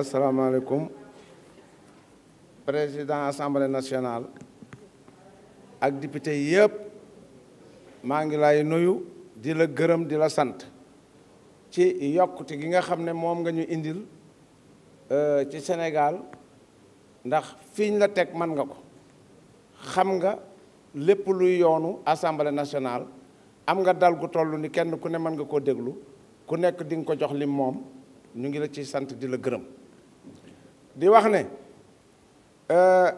asalaamaaleykum président assemblée nationale ak député yëpp maa ngi lay nuyu di la gërëm di la sant ci yokkute gi nga xam ne moom nga ñu indil euh, ci Sénégal ndax fiñ la teg man nga ko xam nga lépp luy yoonu assemblée nationale am nga dal gu toll ni kenn ku ne mën nga koo déglu ku nekk di nga ko jox lim moom ñu ngi la ciy sant di la gërëm di wax ne euh,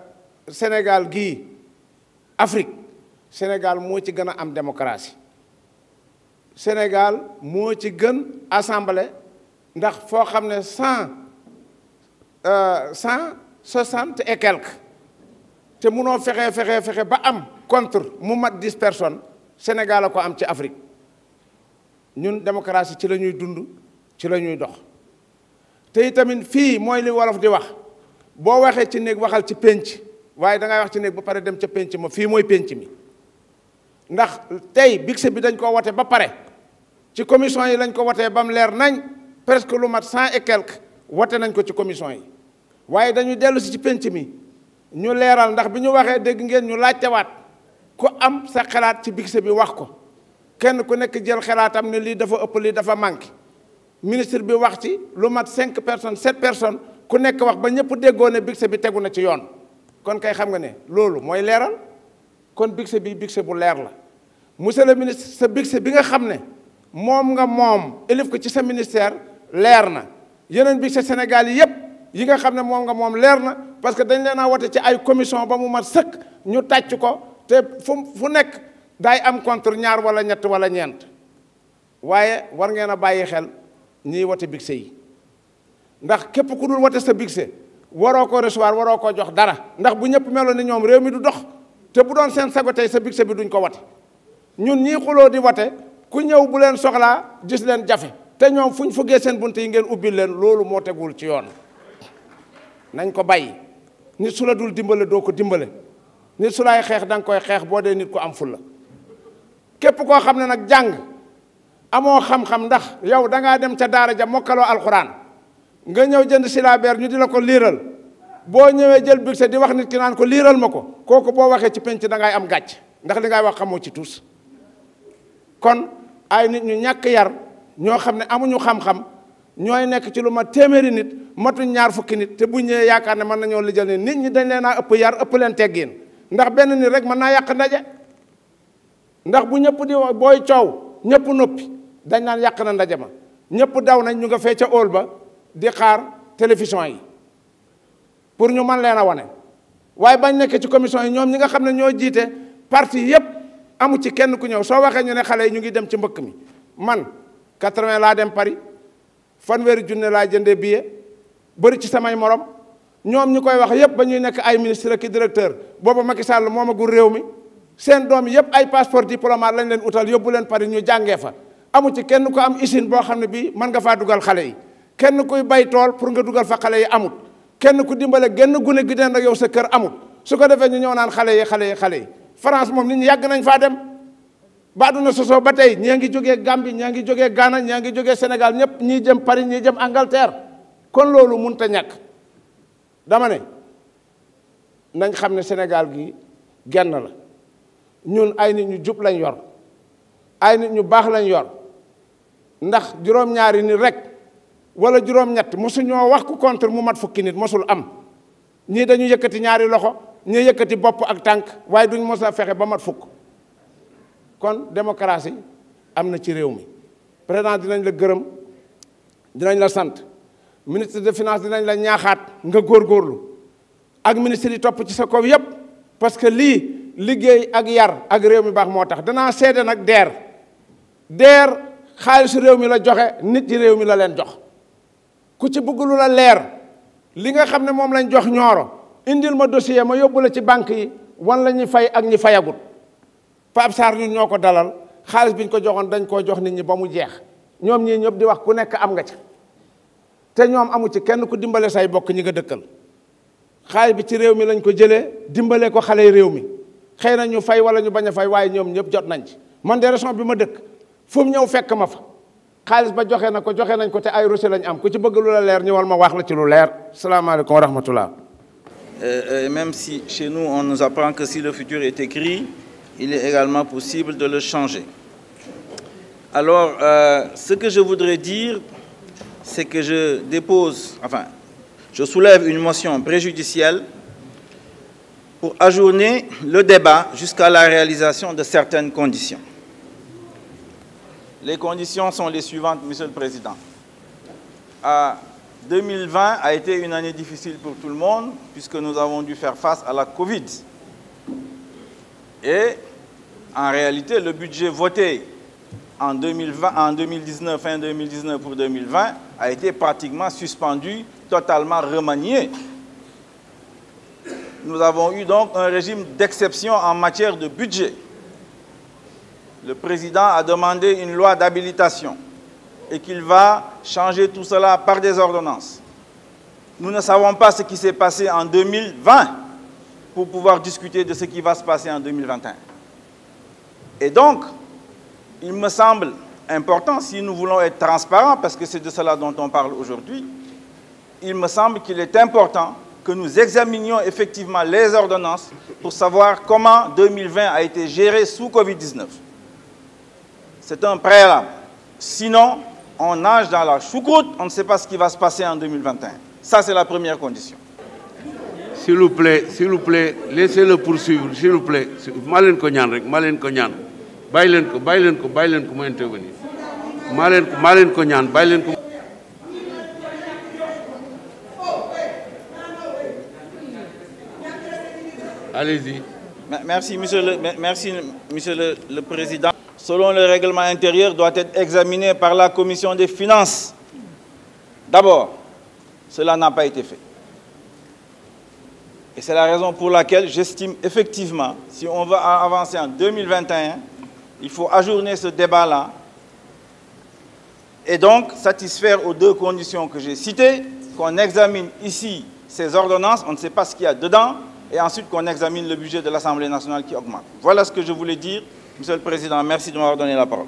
Sénégal gii Afrique Sénégal moo ci gën a am démocratie Sénégal moo ci gën assemblée ndax foo xam ne cent euh, cent soixante et quelque te munoo fexe fexe fexe ba am contre mu mat dix personnes Sénégal ko am ci Afrique ñun démocratie ci la ñuy dund ci la ñuy dox. te tamit fii mooy li wolof di wax boo waxee ci néeg waxal ci pénc waaye da ngay wax ci néeg ba pare dem ca pénc ma fii mooy pénc mi ndax tey budget bi dañ ko wote ba pare ci commission yi lañ ko wotee ba mu leer nañ presque lu mat sans et quelque wote nañ ko ci commission yi waaye dañu dellu si ci pénc mi ñu leeral ndax bi ñu waxee dégg ngeen ñu laajtewaat ku am sa xalaat ci budget bi wax ko kenn ku nekk jël xalaatam ne lii dafa ëpp lii dafa manqué ministre bi wax ci lu mat cinq personnes sept personnes ku nekk wax ba ñëpp déggoo ne budget bi tegu na ci yoon kon kay xam nga ne loolu mooy leeral kon budget bi budget bu leer la mu se le ministre sa budget bi nga xam ne moom nga moom élif ko ci sa ministère leer na yeneen budget Sénégal yi yëpp yi nga xam ne moom nga moom leer na parce que dañ leen a wote ci ay commission ba mu mat sëkk ñu tàcc ko te fu fu nekk daay am contre ñaar wala ñett wala ñeent waaye war ngeen a bàyyi xel ñii wote bigse yi ndax képp ku dul wote sa bigse waroo ko recevoir waroo ko jox dara ndax bu ñëpp meloon ni ñoom réew mi du dox te bu doon seen sago tey sa bigse bi duñ ko wote ñun ñii xuloo di wote ku ñëw bu leen soxlaa gis leen jafe te ñoom fu ñu fuggee seen bunt yi ngeen ubbil leen loolu moo tegul ci yoon nañ ko bay nit su la dul dimbale doo ko dimbale nit su laay xeex danga koy xeex boo dee nit ko am fulla képp koo xam ne nag jàng amoo xam-xam ndax yow da ngaa dem ca daara ja mokkaloo alxuraan nga ñëw jënd silabeer ñu di la ko liiral boo ñëwee jël big di wax nit ki naan ko liiral ma ko kooku boo waxee ci penc da ngay am gàcc ndax li ngay wax xamoo ci tuus kon ay nit ñu ñàkk yar ñoo xam ne amuñu xam-xam ñooy nekk ci lu ma téeméeri nit matuñ ñaar fukki nit te bu ñëwee yaakaar ne mën nañoo lijjal ne nit ñi dañ leen a ëpp yar ëpp leen teggiin ndax benn nit rek mën naa yàq ndaje ndax bu ñëpp di booy coow ñëpp noppi dañ naan yàq na ndaje ma ñëpp daw nañ ñu nga fee ca óol ba di xaar télévision yi pour ñu mën leen a wane waaye bañ nekk ci commission yi ñoom ñi nga xam ne ñoo jiite parti yëpp amu ci kenn ku ñëw soo waxee ñu ne xale yi ñu ngi dem ci mbëkk mi man 80 laa dem Paris fanweeri junne laa jëndee billet bëri ci samay morom ñoom ñu koy wax yëpp ba ñuy nekk ay ministre ak directeur boobu Macky Sall moomagul réew mi seen doom yëpp ay passeport diplomate lañ leen utal yóbbu leen Paris ñu jàngee fa amu ci kenn ku am usine boo xam ne bii mën nga faa dugal xale yi kenn kuy bay tool pour nga dugal fa xale yi amut kenn ku dimbale genn gune gi den ak yow sa kër amut su ko defee ñu ñëw naan xale yi xale yi xale yi France moom nit ñu yàgg nañ faa dem ba àdduna sosoo ba tey ñaa ngi jógee Gambie ñaa ngi jógee gaana ñaa ngi jógee Sénégal ñëpp ñii jëm Paris ñii jëm Angleterre kon loolu mënut a ñàkk dama ne nañ xam ne Sénégal gi genn la ñun ay nit ñu jub lañ yor ay nit ñu baax lañ yor ndax juróom-ñaari nit rek wala juróom-ñett mosuñoo wax ku contre mu mat fukki nit mosul am ñii dañu yëkkati ñaari loxo ñii yëkkati bopp ak tànk waaye duñ mos a fexe ba mat fukk kon démocratie am na ci réew mi président dinañ la gërëm dinañ la sant ministre de finance dinañ la ñaaxaat nga góor góorlu ak ministre yi topp ci sa kow yépp parce que lii liggéey ak yar ak réew mi baax moo tax danaa seede nag deer deer xaalisu réew mi la joxe nit yi réew mi la leen jox ku ci bëgg lu la leer li nga xam ne moom lañ jox ñooro indil ma dossier ma yóbbu la ci banque yi wan lañuy fay ak ñi fayagut Pape Sarr ñoo ko dalal xaalis bi ko joxoon dañ koo jox nit ñi ba mu jeex ñoom ñii ñëpp di wax ku nekk am nga ci te ñoom amu ci kenn ku dimbale say bokk ñi nga dëkkal xaalis bi ci réew mi lañ ko jëlee dimbale ko xale réew mi xëy na fay wala ñu bañ a fay waaye ñoom ñëpp jot nañ ci man de région bi ma dëkk fu mu ñëw fekk ma fa xaalis ba joxe na ko joxe nañ ko te ay lañ am ko ci bëgg lu la leer ñëwal ma wax la ci lu leer salaamaaleykum wa rahmatullah Euh, euh même si chez nous on nous apprend que si le futur est écrit, il est également possible de le changer. Alors, euh, ce que je voudrais dire, c'est que je dépose, enfin, je soulève une motion préjudicielle pour ajourner le débat jusqu'à la réalisation de certaines conditions. Les conditions sont les suivantes, Monsieur le Président. À 2020 a été une année difficile tout le monde puisque nous avons à la Covid. Et en réalité, le budget voté en, 2020, en 2019, fin 2019 pour 2020, a été pratiquement suspendu, totalement remanié. Nous avons eu donc un régime d'exception en matière de budget. le président a demandé une loi d'habilitation et qu'il va changer tout cela par des ordonnances. Nous ne savons pas ce qui s'est passé en 2020 pour pouvoir discuter de ce qui va se passer en 2021. Et donc, il me semble important, si nous voulons être transparents, parce que c'est de cela dont on parle aujourd'hui, il me semble qu'il est important que nous examinions les ordonnances pour savoir comment 2020 a été géré sous Covid-19. C'est un préalable. Sinon, on nage dans la choucroute, on ne sait pas ce qui va se passer en 2021. Ça, c'est la première condition. S'il vous plaît, s'il laissez-le poursuivre, s'il vous plaît. maa leen ko ñaan rek maa leen ko ñaan bàyyi leen ko bàyyi leen ko bàyyi leen ko mu intervenir maa leen ko maa ko ñaan bàyyi leen ko. Allez-y. Merci, monsieur merci, monsieur le, le Président. selon le règlement intérieur, doit être examiné par la commission des finances. D'abord, cela n'a pas été fait. Et c'est la raison pour laquelle j'estime effectivement, si on veut avancer en 2021, il faut ajourner ce débat-là et donc satisfaire aux deux conditions que j'ai citées, qu'on examine ici ces ordonnances, on ne sait pas ce qu'il y a dedans, et ensuite qu'on examine le budget de l'Assemblée nationale qui augmente. Voilà ce que je voulais dire. Monsieur le Président, merci de m'avoir donné la parole.